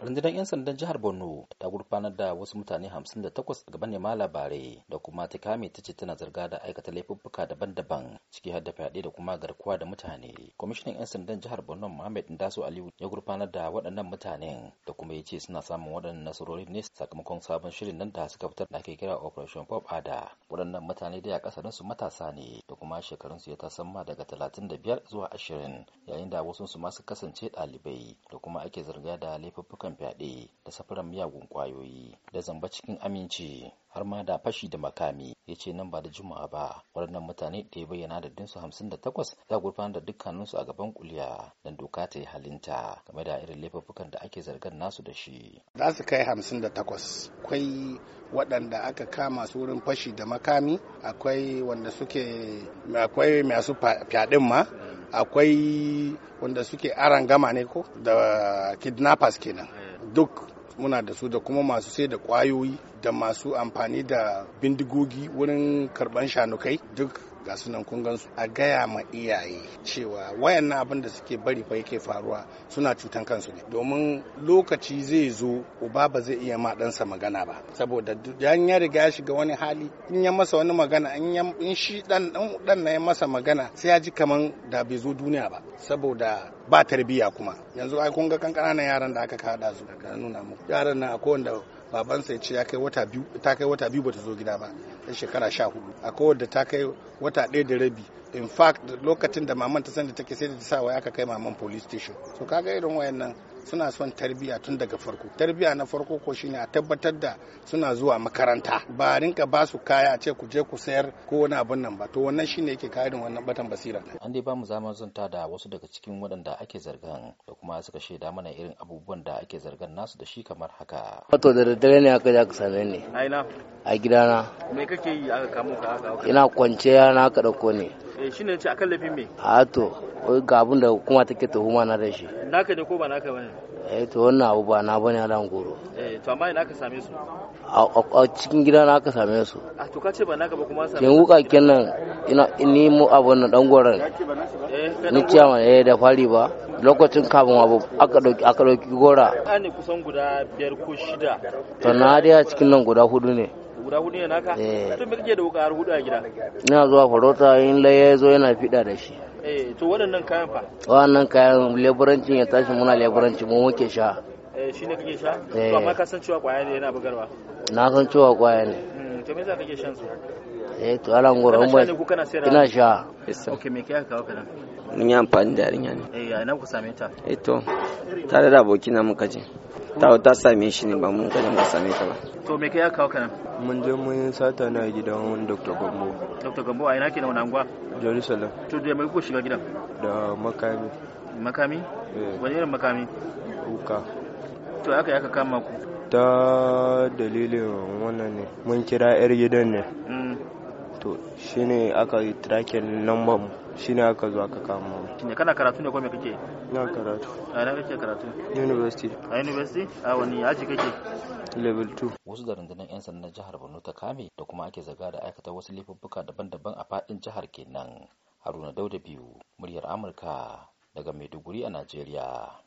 rundunar 'yan sandan jihar borno ta gurfanar da wasu mutane 58 a gaban nema labarai da kuma ta kame ta ce tana zarga da aikata laifuffuka daban-daban ciki har da fyaɗe da kuma garkuwa da mutane kwamishinan 'yan sandan jihar borno Mohammed ndaso aliyu ya gurfanar da waɗannan mutanen da kuma ya ce suna samun waɗannan nasarori ne sakamakon sabon shirin nan da suka fitar da ake kira operation pop ada waɗannan mutane dai a ƙasarin su matasa ne da kuma shekarunsu ya tasamma daga 35 zuwa 20 yayin da wasu su ma su kasance ɗalibai da kuma ake zarga da laifuffukan kan fyaɗe da safaran miyagun kwayoyi da zamba cikin aminci har ma da fashi da makami ya ce nan ba da juma'a ba waɗannan mutane da ya bayyana da dinsu hamsin da takwas za a gurfanar da dukkaninsu a gaban kuliya don doka ta yi halinta game da irin laifuffukan da ake zargan nasu da shi. za su kai hamsin da takwas akwai waɗanda aka kama su wurin fashi da makami akwai wanda suke akwai masu fyaɗin ma akwai wanda suke aran gama ne ko da kidnappers kenan duk muna da su da kuma masu sai da kwayoyi da masu amfani da bindigogi wurin karban shanukai duk ga sunan gansu a gaya ma iyaye cewa wayannan abin da suke bari fa yake faruwa suna cutan kansu ne domin lokaci zai zo uba ba zai iya ma ɗansa magana ba saboda dan ya riga ya shiga wani hali in ya masa wani magana in shi dan na ya masa magana sai ya ji kaman da bai zo duniya ba saboda ba tarbiya kuma yanzu ai kun ga kankana yaran da aka kada su da nuna muku yaran nan akwai wanda babansa ya ce ya kai wata biyu ta kai wata biyu bata zo gida ba ta shekara sha hudu akwai wadda ta kai wata ɗaya da rabi in fact lokacin da maman ta sanda take sai da ta sa ya aka kai maman police station so kaga irin wayannan suna son tarbiya tun daga farko tarbiya na farko ko shine a tabbatar da suna zuwa makaranta ba a rinka ba su kaya ce ku je ku sayar ko wani abun nan ba to wannan shine yake kayan wannan batan basira an dai ba mu zaman zanta da wasu daga cikin waɗanda ake zargan da kuma suka shaida mana irin abubuwan da ake zargan nasu da shi kamar haka wato da daddare ne aka ja ka same ni a gidana me kake yi aka kamo ka haka ina kwanciya na ka dauko ne Eh, shi ne ce akan laifin me a to ga abin da kuma take huma na da shi naka ne ko ba naka bane eh to wannan abu ba na bane alan goro eh to amma ina ka same su a cikin gida na ka same su a ah, to ka ce ba naka ba kuma sa kin wuka kenan ina ni mu abun nan dan goran eh, ni ce ma eh da fari ba lokacin kafin abu aka dauki aka dauki gora ne kusan guda biyar ko shida to na dai a cikin nan guda hudu ne guda hudu ne naka eh. to me kake da wuka har hudu a gida ina zuwa farota in lai ya zo yana fida da shi eh to waɗannan kayan fa waɗannan kayan leburancin ya tashi muna leburancin mu muke sha eh shi ne kake sha to eh. amma ka san cewa kwaya ne yana bugarwa na san cewa kwaya ne hmm, to me za ka kake shan su eh to alan gora mun ina sha oke me kai ka kawo kana mun yi amfani da yarinya ne eh ina ku same ta eh to tare da abokina muka je ta ta same shi ne ba mun kada mu same ta ba to me kai ya kawo kana mun je mun yi sata na gidan wani dr gambo dr gambo a ina ke wani anguwa jerusalem to da mai kuka shiga gidan da makami makami eh. wani irin makami uka to aka yaka kama ku ta dalilin wannan ne mun kira yar gidan ne mm. to shine aka yi tracking number shi shine aka zo aka kama mu ne kana karatu ne ko me kake Na karatu a ina kake karatu university a university a wani aji kake level 2 wasu da rundunar yan sandan jihar Borno ta kame da kuma ake zaga da aikata wasu laifuffuka daban-daban a fadin jihar kenan Haruna Dauda biyu muryar Amurka daga Maiduguri a Najeriya